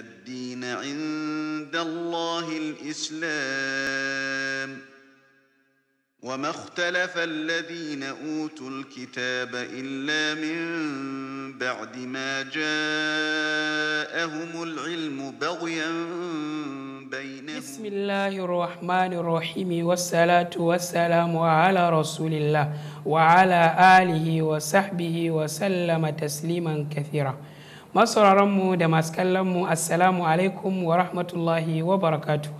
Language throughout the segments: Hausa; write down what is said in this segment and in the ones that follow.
الدين عند الله الإسلام وما اختلف الذين أوتوا الكتاب إلا من بعد ما جاءهم العلم بغيا بينهم بسم الله الرحمن الرحيم والصلاة والسلام على رسول الله وعلى آله وصحبه وسلم تسليما كثيرا masauraranmu da masu kallonmu assalamu alaikum wa rahmatullahi wa barakatu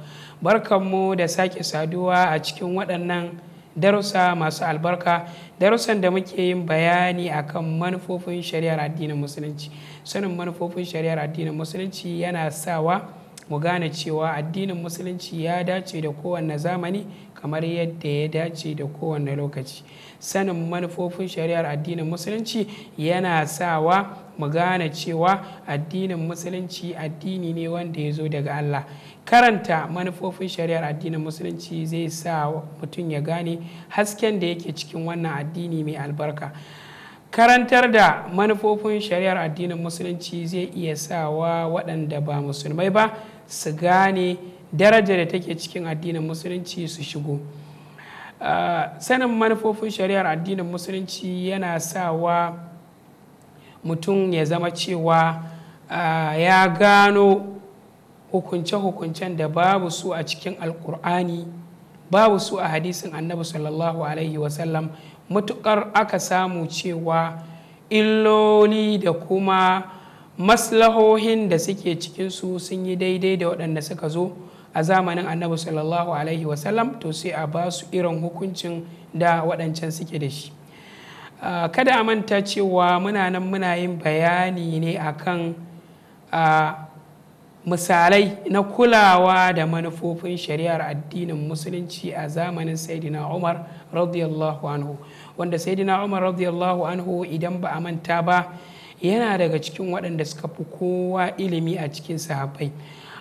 barkanmu da sake saduwa a cikin waɗannan darussa masu albarka darussan da muke yin bayani akan manufofin shari'ar addinin musulunci sanin manufofin shari'ar addinin musulunci yana sawa mu gane cewa addinin musulunci ya dace da kowanne zamani kamar yadda ya dace da kowanne lokaci sanin manufofin shari'ar addinin musulunci yana sawa mu gane cewa addinin musulunci addini ne wanda ya zo daga allah karanta manufofin shari'ar addinin musulunci zai sa mutum ya gane hasken da yake cikin wannan addini mai albarka karantar da manufofin shari'ar addinin musulunci zai iya sawa waɗanda ba musulmai ba su gane daraja da take cikin addinin musulunci su shigo ah, sanin manufofin shari'ar addinin musulunci yana sawa mutum ya zama cewa ah, ya gano hukunce-hukuncen da babu su a cikin alkur'ani babu su a hadisin annabi sallallahu alaihi wasallam mutukar aka samu cewa illoli da kuma maslahohin da suke cikinsu sun yi daidai da waɗanda suka zo a zamanin annabi sallallahu alaihi wasallam to sai a ba su irin hukuncin da waɗancan suke da shi kada a manta cewa muna nan muna yin bayani ne akan a misalai na kulawa da manufofin shari'ar addinin musulunci a zamanin saidina umar radiyallahu anhu wanda saidina umar radiyallahu anhu idan ba a manta ba yana daga cikin waɗanda suka fi kowa ilimi a cikin sahabbai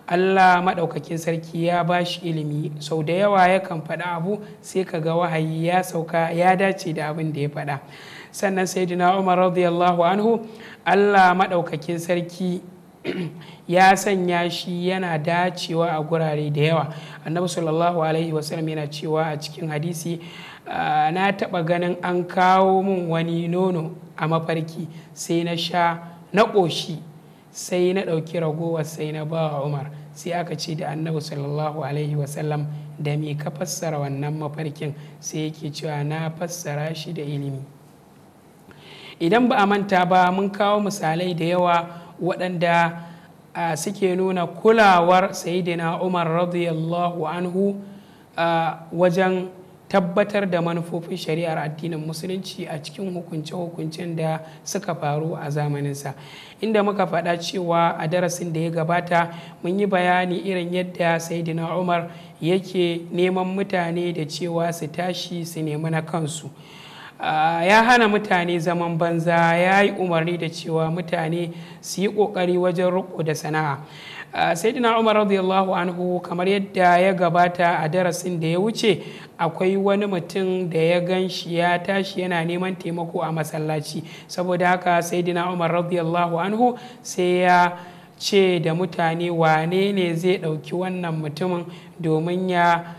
Allah maɗaukakin sarki ya ba shi ilimi sau da yawa ya kan faɗa abu sai ka ga wahayi ya sauka ya dace da abin da ya faɗa sannan sayyidina umar radiyallahu anhu Allah maɗaukakin sarki ya sanya shi yana dacewa a gurare da yawa annabi sallallahu alaihi wasallam yana cewa a cikin hadisi ah, na taɓa ganin an kawo min wani nono a mafarki sai na sha na ƙoshi sai na ɗauki ragowar sai na ba umar sai aka ce da annabi sallallahu alaihi wasallam da me ka fassara wannan mafarkin sai yake cewa na fassara shi da ilimi idan ba a manta ba mun kawo misalai da yawa waɗanda suke nuna kulawar sayidina umar radiyallahu anhu wajen tabbatar da manufofin shari'ar addinin musulunci a cikin hukunce-hukuncen da suka faru a zamaninsa inda muka faɗa cewa a darasin da ya gabata mun yi bayani irin yadda sayidina umar yake neman mutane da cewa su tashi su nemi na kansu Ah, ya hana mutane zaman banza ya yi umarni da cewa mutane su yi ƙoƙari wajen riko da sana'a ah, sai dina umar radiyallahu anhu kamar yadda ya gabata a darasin da ya wuce akwai wani mutum da ya gan shi ya tashi yana neman taimako a masallaci saboda haka sai dina umar radiyallahu anhu sai ya ce da mutane wane ne zai ɗauki wannan mutumin domin ya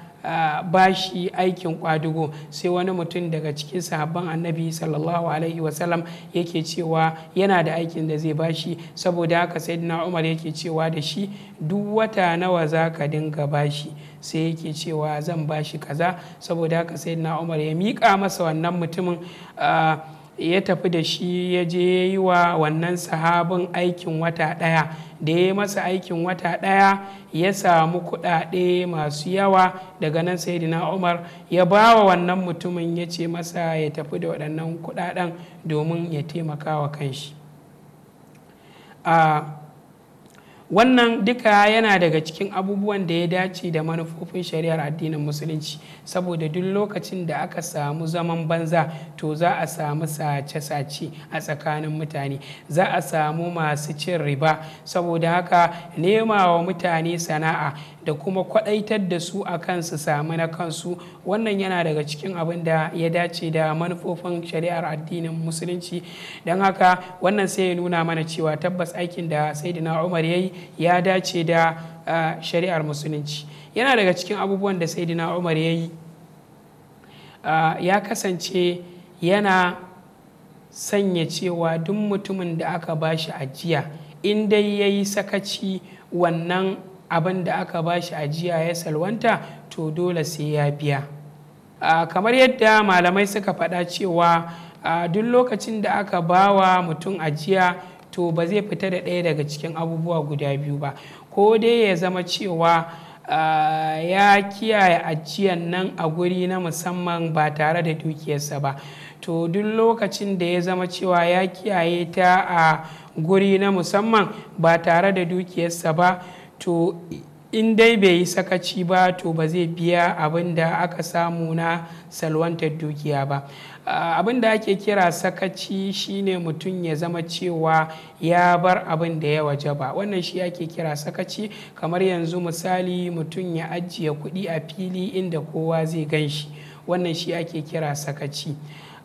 bashi aikin kwadugo sai wani mutum daga cikin sahabban annabi sallallahu alaihi wasallam yake cewa yana da aikin da zai bashi saboda haka sayyidina umar yake cewa da shi duk wata nawa za ka dinga bashi sai yake cewa zan bashi kaza saboda haka sayyidina umar ya miƙa masa wannan mutumin ya tafi da shi ya je ya yi wa wannan sahabin aikin wata ɗaya da ya masa aikin wata ɗaya ya samu kuɗaɗe masu yawa daga nan saidina umar ya ba wa wannan mutumin ya ce masa ya tafi da waɗannan kuɗaɗen domin ya taimaka wa kanshi ah, wannan duka yana daga cikin abubuwan da ya dace da manufofin shari'ar addinin musulunci saboda duk lokacin da aka samu zaman banza to za a samu sace-sace a tsakanin mutane za a samu masu cin riba saboda haka nema wa mutane sana'a da kuma kwaɗaitar da su a kansu sami na kansu wannan yana daga cikin abin da ya dace da manufofin shari'ar addinin musulunci don haka wannan sai ya nuna mana cewa tabbas aikin da saidina umar ya yi ya dace da ah, shari'ar musulunci yana daga cikin abubuwan da saidina umar ya yi ah, ya kasance yana sanya cewa duk mutumin da aka ba shi ajiya in dai ya yi sakaci wannan abin da aka ba shi ajiya ya salwanta to dole sai ya biya kamar yadda malamai suka faɗa cewa duk lokacin da aka ba wa mutum ajiya to ba zai fita da ɗaya daga cikin abubuwa guda biyu ba ko dai ya zama cewa ya kiyaye ajiyan nan a guri na musamman ba tare da dukiyarsa ba to duk lokacin da ya zama cewa ya kiyaye ta a guri na musamman ba tare da dukiyarsa ba to in dai bai yi sakaci ba to ba zai biya abin da aka samu na salwantar dukiya ba abin da ake kira sakaci shine mutum ya zama cewa ya bar abin da ya waje ba wannan shi ake kira sakaci kamar yanzu misali mutum ya ajiye kuɗi a fili inda kowa zai gan shi wannan shi ake kira sakaci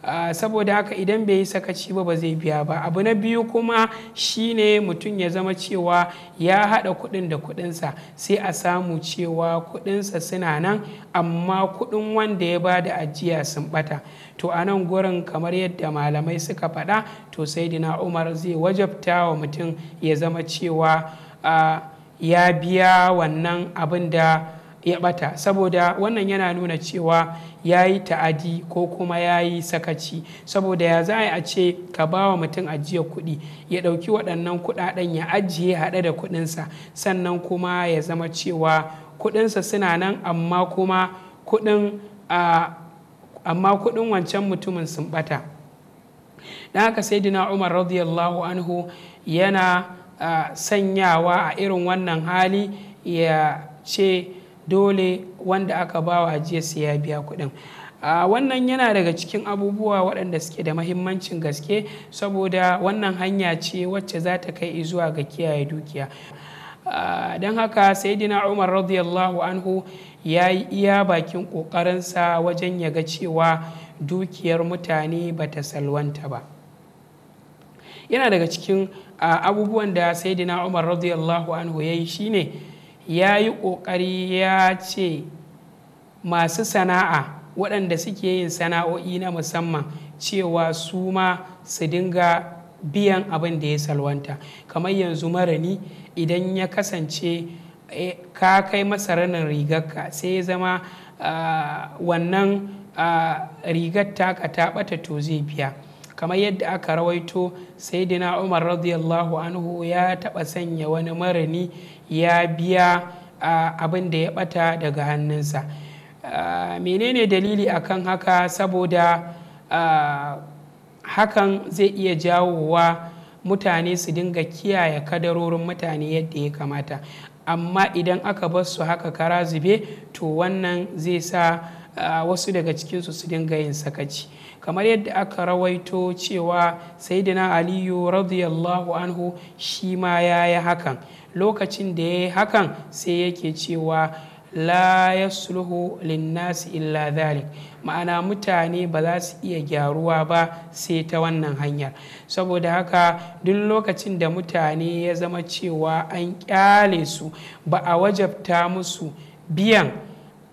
Ah, saboda haka idan bai yi sakaci ba ba zai biya ba abu na biyu kuma shine mutum ya zama cewa ya hada kuɗin da kuɗinsa sai a samu cewa kuɗinsa suna nan amma kuɗin wanda ya bada ajiya sun bata to a nan gurin kamar yadda malamai suka faɗa to sai dina umar zai wajabta wa mutum ya zama cewa ah, ya biya wannan abin da ya bata saboda wannan yana nuna cewa ya yi ta'adi ko kuma ya yi sakaci saboda ya za a ce ka ba wa mutum ajiyar kuɗi ya ɗauki waɗannan kuɗaɗen ya ajiye haɗe da kuɗinsa sannan kuma ya zama cewa kuɗinsa suna nan amma kuma kuɗin amma kuɗin wancan mutumin sun ɓata naka haka sai dina umar radiyallahu anhu yana sanyawa a irin wannan hali ya ce dole wanda aka ba wa ajiyarsa ya biya kuɗin a wannan yana daga cikin abubuwa waɗanda suke da mahimmancin gaske saboda wannan hanya ce wacce za ta kai zuwa ga kiyaye dukiya don haka saidina umar radiyallahu anhu ya yi iya bakin ƙoƙarinsa wajen ya ga cewa dukiyar mutane ba ta salwanta ba yana daga cikin abubuwan da saidina umar radiyallahu anhu ya yi shine ne ya yi ƙoƙari ya ce masu sana'a waɗanda suke yin sana'o'i na musamman cewa su ma su dinga biyan abin da ya salwanta kamar yanzu marani idan ya kasance eh, ka kai masa ranar rigarka sai ya zama ah, wannan ah, rigar taka ta ɓata to zai biya kamar yadda aka rawaito saidina umar radiyallahu anhu ya taɓa sanya wani marani ya biya abin da ya ɓata daga hannunsa menene dalili akan haka saboda hakan zai iya jawowa mutane su dinga kiyaye kadarorin mutane yadda ya kamata amma idan aka bar su haka kara zube to wannan zai sa wasu daga cikinsu su dinga yin sakaci kamar yadda aka rawaito cewa sayidina aliyu radiyallahu anhu shi ma ya yi hakan lokacin da ya yi hakan sai yake cewa la ya sulhu linnasi illa dhalik ma'ana mutane ba za su iya gyaruwa ba sai ta wannan hanyar saboda haka duk lokacin da mutane ya zama cewa an kyale su ba a wajabta musu biyan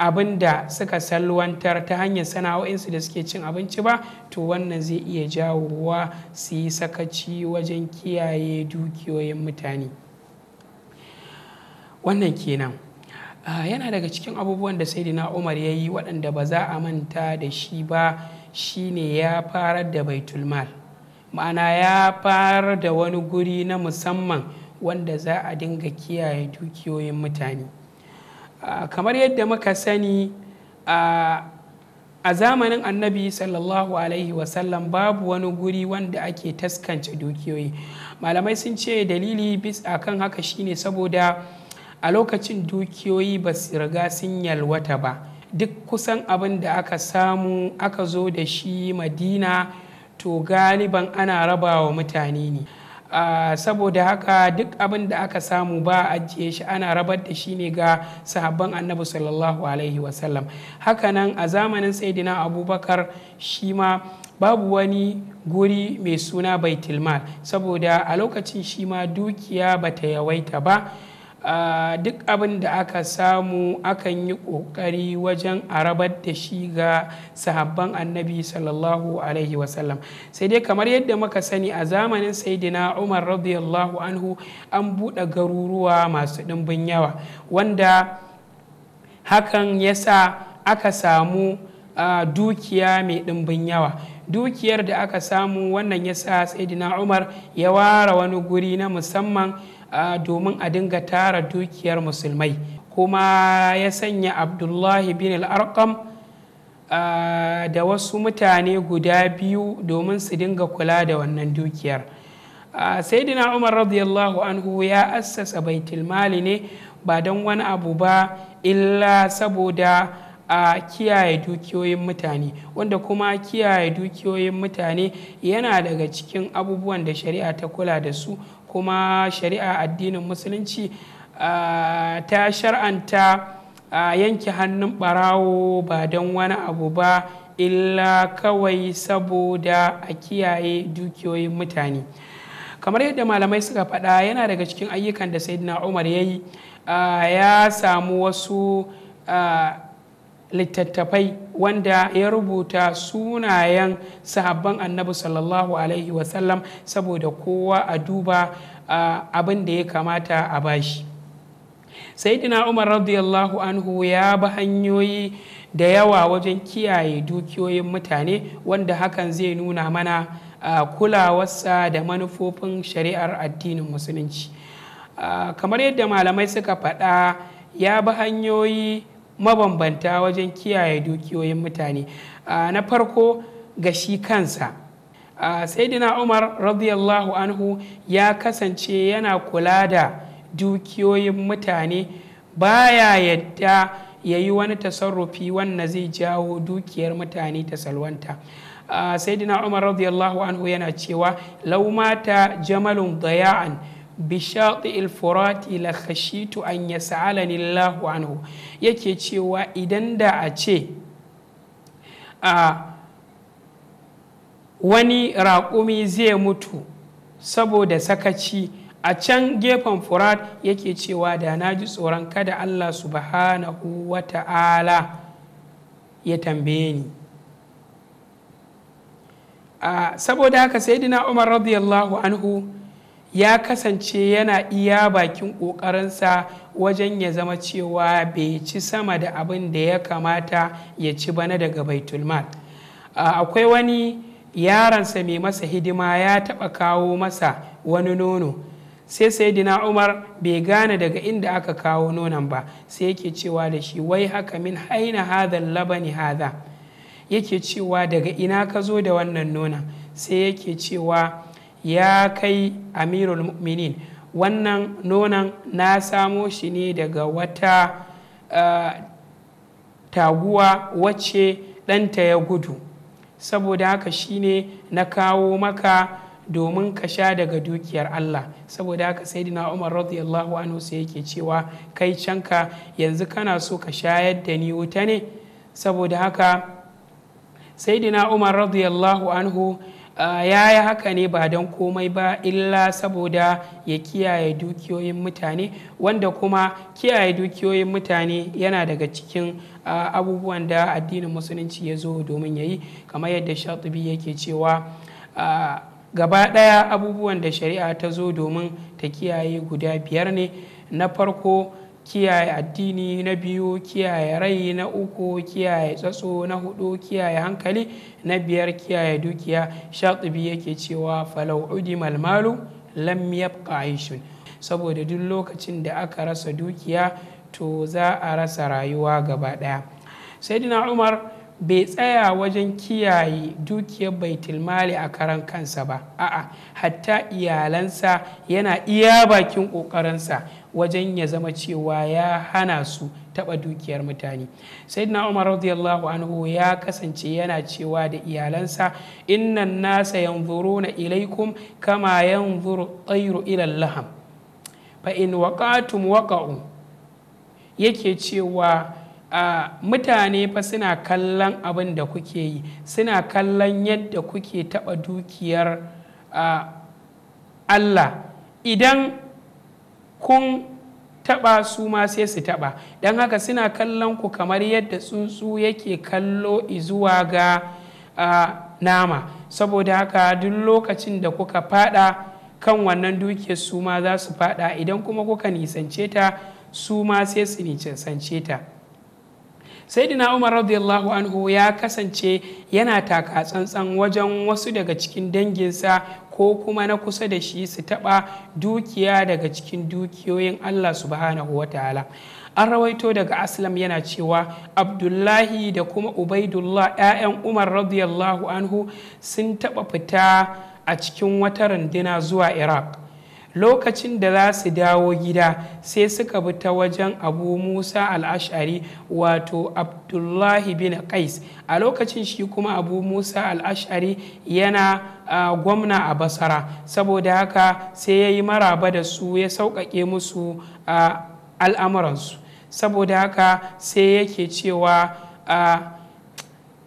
abin da suka salwantar ta hanyar sana'o'insu da suke cin abinci ba to wannan zai iya jawowa su yi sakaci wajen kiyaye dukiyoyin mutane wannan kenan ah, yana daga cikin abubuwan da saidina umar ya yi waɗanda ba za a manta da shi ba shine ya farar da baitulmal ma'ana ya farar da wani guri na musamman wanda za a dinga kiyaye dukiyoyin mutane Ah, kamar yadda muka sani ah, a zamanin annabi sallallahu alaihi wasallam babu wani guri wanda ake taskance dukiyoyi malamai sun ce dalili bis a kan haka shine saboda a lokacin dukiyoyi ba su riga sun yalwata ba duk kusan abin da aka samu aka zo da shi madina to galiban ana rabawa mutane ne saboda haka duk abin da aka samu ba a ajiye shi ana rabar da shi ne ga sahabban annabi sallallahu alaihi wasallam hakanan a zamanin saidina abubakar shi ma babu wani guri mai suna baitulmal saboda a lokacin shi ma dukiya bata yawaita ba a duk abin da aka samu akan yi ƙoƙari wajen arabar da shi ga sahabban annabi sallallahu alaihi wasallam sai dai kamar yadda muka sani a zamanin saidina umar radiyallahu anhu an buɗe garuruwa masu ɗimbin yawa wanda hakan ya sa aka samu dukiya mai ɗimbin yawa dukiyar da aka samu wannan ya sa saidina umar ya ware wani guri na musamman domin a dinga tara dukiyar musulmai kuma ya sanya abdullahi bin al'arkam da wasu mutane guda biyu domin su dinga kula da wannan dukiyar saidina umar radiyallahu anhu ya assasa baitulmali ne ba don wani abu ba illa saboda a kiyaye dukiyoyin mutane wanda kuma kiyaye dukiyoyin mutane yana daga cikin abubuwan da shari'a ta kula da su kuma shari'a addinin musulunci ta shar'anta yanke hannun barawo ba don wani abu ba illa kawai saboda a kiyaye dukiyoyin mutane kamar yadda malamai suka faɗa yana daga cikin ayyukan da sayyidina umar ya yi ya samu wasu littattafai wanda ya rubuta sunayen sahabban annabi sallallahu alaihi wasallam saboda kowa a duba abin da ya kamata a bashi saidina umar radiyallahu anhu ya bi hanyoyi da yawa wajen kiyaye dukiyoyin mutane wanda hakan zai nuna mana kulawarsa da manufofin shari'ar addinin musulunci kamar yadda malamai suka faɗa ya bi hanyoyi mabambanta wajen kiyaye dukiyoyin mutane na farko ga shi kansa saidina umar radiyallahu anhu ya kasance yana kula da dukiyoyin mutane baya yadda ya yi wani tasarrufi wanda zai jawo dukiyar mutane ta salwanta saidina umar radiyallahu anhu yana cewa laumata jamalun daya'an Bishad ilfurat la khashitu an yas'alani Allahu anhu yake cewa idan da a ce a wani raƙumi zai mutu saboda sakaci a can gefen furat yake cewa da na ji tsoron kada Allah subhanahu wa ta'ala ya tambaye ni saboda haka saidina umar radiyallahu anhu ya kasance yana iya bakin ƙoƙarinsa wajen ya zama cewa bai ci sama da abin da ya kamata ya ci bana daga baitulmal akwai wani yaransa mai masa hidima ya taɓa kawo masa wani nono sai saidina umar bai gane daga inda aka kawo nonon ba sai yake cewa da shi wai haka min haina hadhan labani hadha yake cewa daga ina ka zo da wannan nonon sai yake cewa ya kai amirul mu'minin wannan nonon na samo shi ne daga wata uh, taguwa wacce ɗanta ya gudu saboda haka shine na kawo maka domin ka sha daga dukiyar Allah saboda haka dina Umar radiyallahu anhu sai yake cewa kai canka yanzu kana so ka shayar da ni wuta ne saboda haka saidina Umar radiyallahu anhu ya yi haka ne ba don komai ba illa saboda ya kiyaye dukiyoyin mutane wanda kuma kiyaye dukiyoyin mutane yana daga cikin abubuwan da addinin musulunci ya zo domin ya yi kamar yadda shatubi yake cewa gaba ɗaya abubuwan da shari'a ta zo domin ta kiyaye guda biyar ne na farko kiyaye addini na biyu kiyaye rai na uku kiyaye tsatso na hudu kiyaye hankali na biyar kiyaye dukiya shatibi yake cewa falau udi malmalu lam yabqa aishun saboda duk lokacin da aka rasa dukiya to za a rasa rayuwa gaba ɗaya. sayyidina umar bai tsaya wajen kiyaye dukiyar baitulmali a karan kansa ba a'a hatta iyalansa yana iya bakin ƙoƙarinsa wajen ya zama cewa ya hana su taɓa dukiyar mutane sai na umar radiyallahu anhu ya kasance yana cewa da iyalansa innan nasa na ilaikum kama yanzuru tsairu ilal laham fa in waqatum waqa'u yake cewa mutane fa suna kallon abin da kuke yi suna kallon yadda kuke taɓa dukiyar Allah idan kun taɓa su ma sai su taɓa don haka suna kallon ku kamar yadda tsuntsu yake kallo izuwa ga nama saboda haka duk lokacin da kuka fada kan wannan dukiyar su ma za su fada idan kuma kuka nisance ta su ma sai su nisance ta saidina umar radiyallahu anhu ya kasance yana taka tsantsan wajen wasu daga cikin danginsa ko kuma na kusa da shi su taba dukiya daga cikin dukiyoyin allah subhanahu wa ta'ala an rawaito daga aslam yana cewa abdullahi da kuma ubaidullah 'ya'yan umar radiyallahu anhu sun taba fita a cikin wata runduna zuwa iraq lokacin da za su dawo gida sai suka bi ta wajen abu musa al'ashari wato abdullahi bin qais a lokacin shi kuma abu musa al'ashari yana uh, gwamna a basara saboda haka sai ya yi maraba da su ya sauƙaƙe musu uh, al'amuransu saboda haka sai yake cewa uh,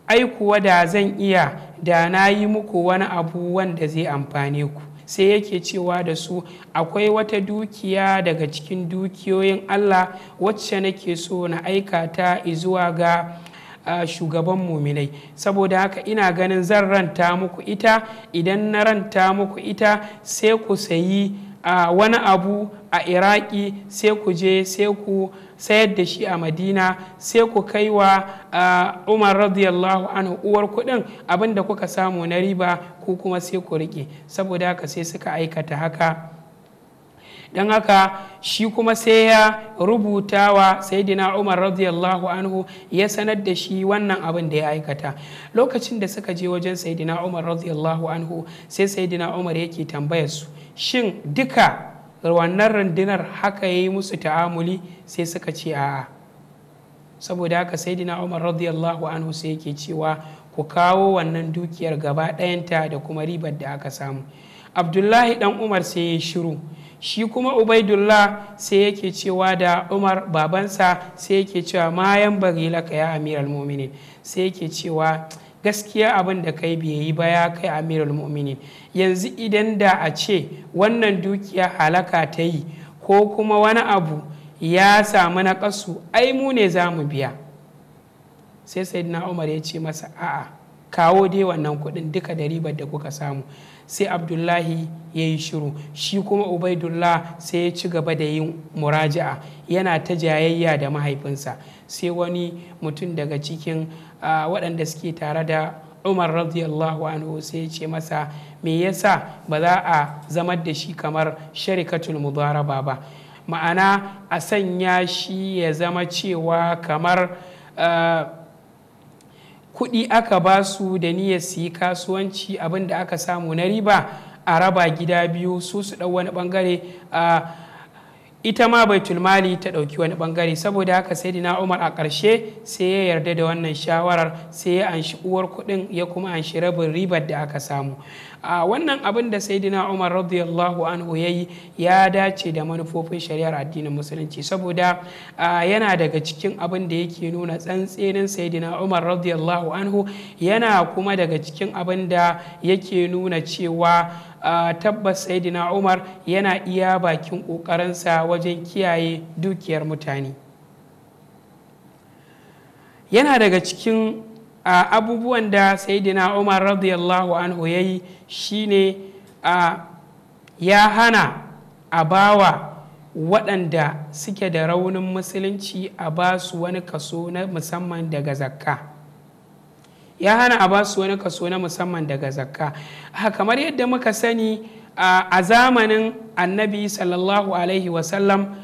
aikuwa da zan iya da na yi muku wani abu wanda zai amfane ku sai yake cewa da su akwai wata dukiya daga cikin dukiyoyin allah wacce nake so na aika ta zuwa ga Uh, shugaban muminai saboda haka ina ganin zan ranta muku ita idan na ranta muku ita sai ku sayi a wani abu a iraki sai ku je sai ku sayar da shi a madina sai ku kai wa umar radiyallahu anhu uwar kuɗin abinda kuka samu na riba ku kuma sai ku riƙe saboda haka sai suka aikata haka don haka shi kuma sai ya rubuta wa sayidina umar radiyallahu anhu ya sanar da shi wannan abin da ya aikata lokacin da suka je wajen sayidina umar radiyallahu anhu sai sayidina umar yake tambayar su shin duka wannan rundunar haka ya yi musu ta'amuli sai suka ce a'a saboda haka sai dina umar radiyallahu anhu sai yake cewa ku kawo wannan dukiyar gaba ɗayanta da kuma ribar da aka samu abdullahi dan umar sai ya shiru shi kuma ubaidullah sai yake cewa da umar babansa sai yake cewa mayan bari laka ya amiral muminin sai yake cewa gaskiya abin da kai bai yi ba ya kai amirul mu'mini yanzu idan da a ce wannan dukiya halaka ta yi ko kuma wani abu ya samu na kasu ai mu ne za mu biya sai sayyidina umar ya ce masa a'a kawo dai wannan kuɗin duka da ribar da kuka samu sai abdullahi ya yi shiru shi kuma ubaidullah sai ya ci gaba da yin muraja'a yana ta jayayya da mahaifinsa sai wani mutum daga cikin waɗanda suke tare da umar radiyallahu anhu sai ya ce masa me yasa ba za a zamar da shi kamar sharikatul mudaraba ba ma'ana a sanya shi ya zama cewa kamar kuɗi aka ba su da niyyar su yi kasuwanci abinda aka samu na riba a raba gida biyu su su ɗau wani ɓangare a ita ma bai mali ta ɗauki wani ɓangare saboda haka sai dina umar a ƙarshe sai ya yarda da wannan shawarar sai ya anshi uwar kuɗin ya kuma anshi rabin ribar da aka samu a wannan abin da sai dina umar radiyallahu anhu ya yi ya dace da manufofin shari'ar addinin musulunci saboda yana daga cikin abin da yake nuna tsantsenin sai dina umar radiyallahu anhu yana kuma daga cikin abin da yake nuna cewa tabbas saidina umar yana iya bakin ƙoƙarinsa wajen kiyaye dukiyar mutane yana daga cikin abubuwan da saidina umar radiyallahu anhu ya yi shi ne ya hana a bawa waɗanda suke da raunin musulunci a ba su wani kaso na musamman daga zakka ya hana a basu wani kaso na musamman daga zakka kamar yadda muka sani a zamanin annabi sallallahu alaihi wasallam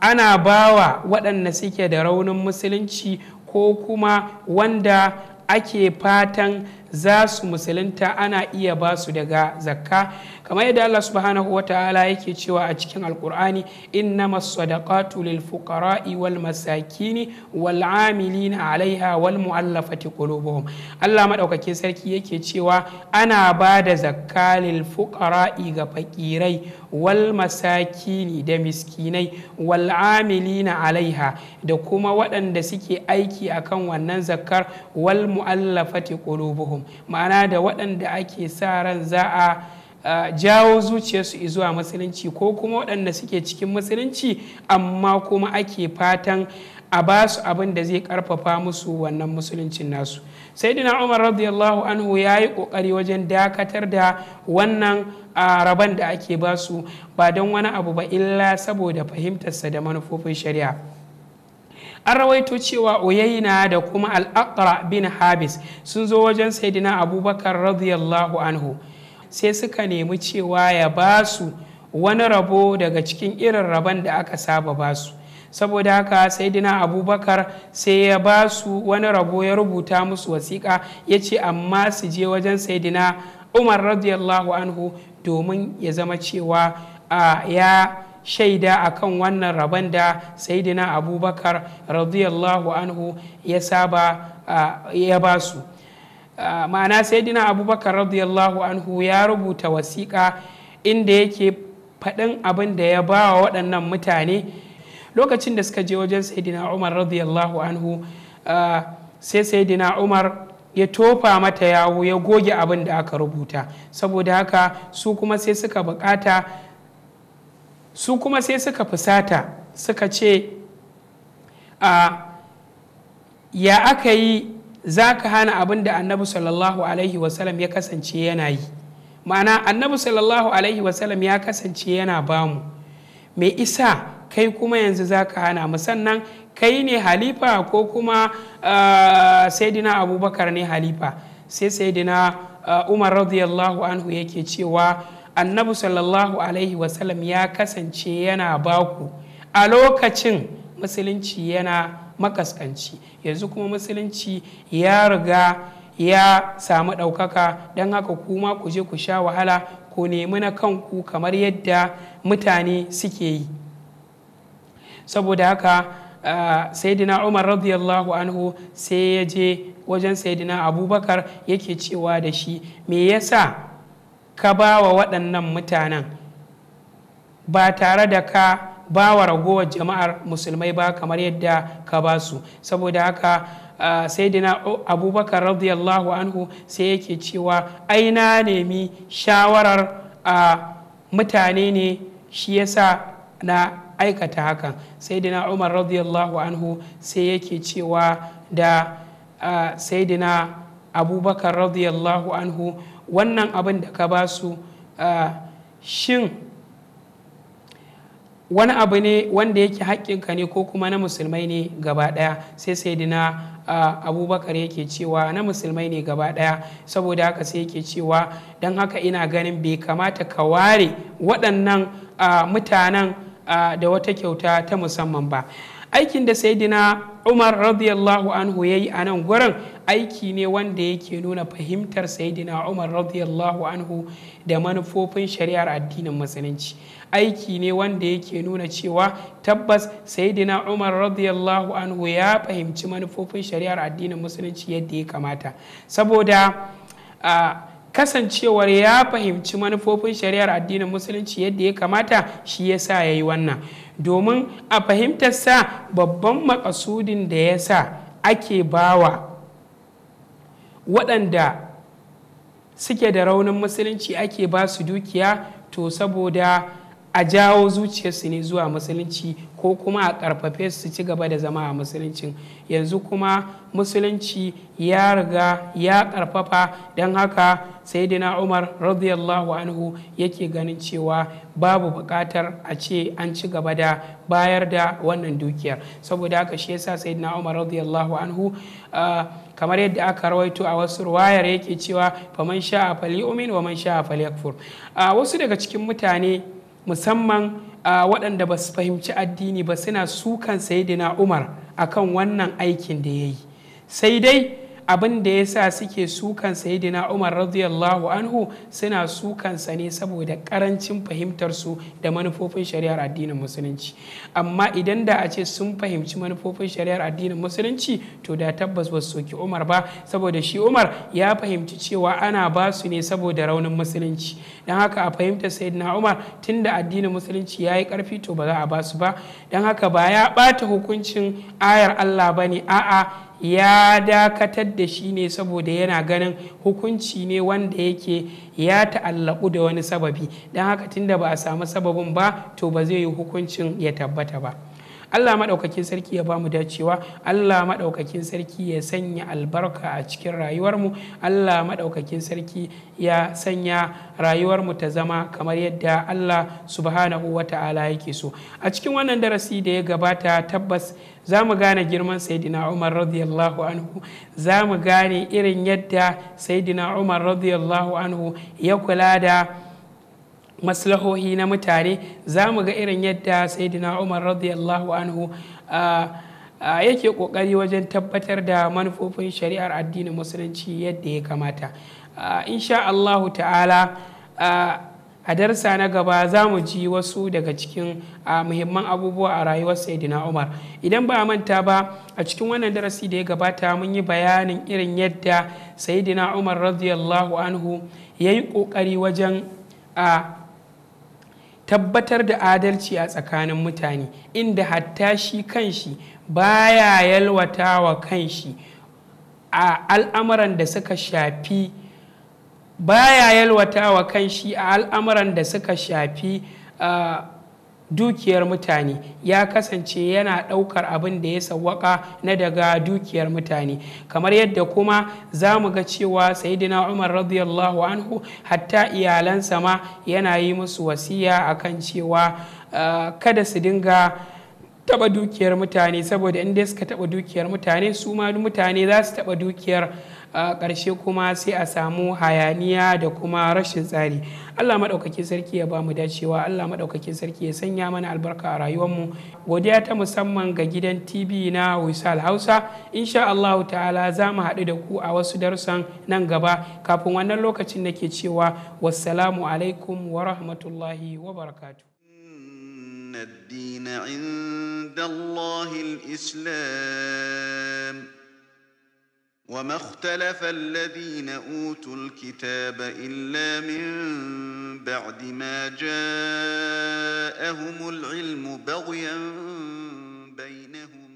ana bawa waɗanda suke da raunin musulunci ko kuma wanda ake fatan za su musulunta ana iya ba su daga zakka kamar yadda Allah subhanahu wa ta'ala yake cewa a cikin alkur'ani inna masadaqatu lil fuqara'i wal masakini wal amilina alaiha wal mu'allafati qulubuhum Allah madaukake sarki yake cewa ana ba da zakka lil fuqara'i ga fakirai wal masakini da miskinai wal amilina alaiha da kuma waɗanda suke aiki akan wannan zakkar wal mu'allafati qulubuhum minhum ma'ana da waɗanda ake sa ran za a jawo zuciyarsu zuwa musulunci ko kuma waɗanda suke cikin musulunci amma kuma ake fatan a ba su abin da zai ƙarfafa musu wannan musuluncin nasu sai umar radiyallahu anhu ya yi kokari wajen dakatar da wannan raban da ake ba su ba don wani abu ba illa saboda fahimtarsa da manufofin shari'a an rawaito cewa oyayina da kuma al'aqra bin habis sun zo wajen saidina abubakar radiyallahu anhu sai suka nemi cewa ya ba su wani rabo daga cikin irin rabon da aka saba ba su saboda haka saidina abubakar sai ya ba su wani rabo ya rubuta musu wasiƙa ya ce amma su je wajen saidina umar radiyallahu anhu domin ya zama cewa ya shaida akan wannan rabon da saidina abubakar radiyallahu anhu ya saba ya ba su ma'ana saidina abubakar radiyallahu anhu ya rubuta wasiƙa inda yake faɗin abin da ya ba wa waɗannan mutane lokacin da suka je wajen saidina umar radiyallahu anhu sai saidina umar ya tofa mata yawo ya goge abin da aka rubuta saboda haka su kuma sai suka buƙata. su kuma sai suka fusata suka ce a ya aka yi za ka hana abin da annabi sallallahu alaihi wasallam ya kasance yana yi ma'ana annabi sallallahu alaihi wasallam ya kasance yana bamu mai isa kai kuma yanzu za ka hana mu sannan kai ne halifa ko kuma saidina abubakar ne halifa sai saidina umar radiyallahu anhu yake cewa annabi sallallahu alaihi wasallam ya kasance yana baku a lokacin musulunci yana makaskanci yanzu kuma musulunci ya riga ya samu ɗaukaka don haka kuma ku je ku sha wahala ku nemi na kanku kamar yadda mutane suke yi saboda haka saidina umar radiyallahu anhu sai ya je wajen saidina abubakar yake cewa da shi me yasa ka ba wa waɗannan mutanen ba tare da ka ba wa ragowar jama'ar musulmai ba kamar yadda ka ba su saboda haka sai dina abubakar radiyallahu anhu sai yake cewa ai na nemi shawarar mutane ne shi yasa na aikata hakan sai dina umar radiyallahu anhu sai yake cewa da sai dina abubakar radiyallahu anhu wannan abin da ka ba su shin wani abu ne wanda yake haƙƙinka ne ko kuma na musulmai ne gaba ɗaya sai sai dina abubakar yake cewa na musulmai ne gaba ɗaya saboda haka sai yake cewa don haka ina ganin bai kamata ka ware waɗannan mutanen da wata kyauta ta musamman ba aikin da saidina umar radiyallahu anhu ya yi a nan gurin aiki ne wanda yake nuna fahimtar sayidina umar radiyallahu anhu da manufofin shari'ar addinin musulunci aiki ne wanda yake nuna cewa tabbas sayidina umar radiyallahu anhu ya fahimci manufofin shari'ar addinin musulunci yadda ya kamata saboda kasancewar ya fahimci manufofin shari'ar addinin musulunci yadda ya kamata shi ya sa ya yi wannan domin a fahimtar sa babban makasudin da ya sa ake bawa waɗanda suke da raunin musulunci ake ba su dukiya to saboda a jawo zuciyarsu ne zuwa musulunci ko kuma a ƙarfafe su ci gaba da zama a musuluncin yanzu kuma musulunci ya riga ya ƙarfafa don haka saidina umar radiyallahu anhu yake ganin cewa babu buƙatar a ce an ci gaba da bayar da wannan dukiyar saboda haka shi yasa saidina umar radiyallahu anhu ah, kamar yadda aka rawaito a wasu ruwayar yake cewa faman sha a fali umin wa man sha a fali yakfur a wasu daga cikin mutane musamman waɗanda ba su fahimci addini ba suna sukan sayidina umar akan wannan aikin da ya yi sai dai abin da ya sa suke sukan sayidina umar radiyallahu anhu suna sukansa ne saboda karancin fahimtar su da manufofin shari'ar addinin musulunci amma idan da a ce sun fahimci manufofin shari'ar addinin musulunci to da tabbas ba soki umar ba saboda shi umar ya fahimci cewa ana ba su ne saboda raunin musulunci don haka a fahimtar sayidina umar tunda addinin musulunci ya yi karfi to ba za a ba su ba don haka ba ya ɓata hukuncin ayar allah ba ne a'a ya dakatar da shi ne saboda yana ganin hukunci ne wanda yake ya ta'allaku da wani sababi don haka tunda ba a samu sababin ba to ba zai yi hukuncin ya tabbata ba Allah maɗaukakin sarki ya bamu dacewa Allah maɗaukakin sarki ya sanya albarka a cikin rayuwarmu Allah maɗaukakin sarki ya sanya rayuwarmu ta zama kamar yadda Allah subhanahu wa ta'ala yake so a cikin wannan darasi da ya gabata tabbas za mu gane girman saidina umar radiyallahu anhu za mu gane irin yadda saidina umar radiyallahu anhu ya kula da maslahohi na mutane za mu ga irin yadda saidina umar radiyallahu anhu yake kokari wajen tabbatar da manufofin shari'ar addinin musulunci yadda ya kamata insha allahu ta'ala a darsa na gaba za mu ji wasu daga cikin muhimman abubuwa a rayuwar saidina umar idan ba a manta ba a cikin wannan darasi da ya gabata mun yi bayanin irin yadda saidina umar radiyallahu anhu ya yi kokari wajen a tabbatar da adalci a tsakanin mutane inda hatta shi kanshi baya yalwata kanshi a al'amuran da suka shafi baya yalwata wa kanshi a al'amuran da suka shafi ah, dukiyar mutane ya kasance yana ɗaukar abin da ya sawwaka na daga dukiyar mutane kamar yadda kuma za mu ga cewa sayidina umar radiyallahu anhu hatta iyalansa ma yana yi musu wasiya akan cewa ah, kada su dinga taba dukiyar mutane saboda inda suka taba dukiyar mutane su ma mutane za su taba dukiyar ƙarshe kuma sai a samu hayaniya da kuma rashin tsari allah maɗaukakin sarki ya ba mu dacewa allah maɗaukakin sarki ya sanya mana albarka a rayuwarmu godiya ta musamman ga gidan tv na wisal hausa insha allahu ta'ala za mu haɗu da ku a wasu darussan nan gaba kafin wannan lokacin nake cewa wassalamu alaikum wa rahmatullahi wa barakatu إن الدين عند الله الإسلام وما اختلف الذين أوتوا الكتاب إلا من بعد ما جاءهم العلم بغيا بينهم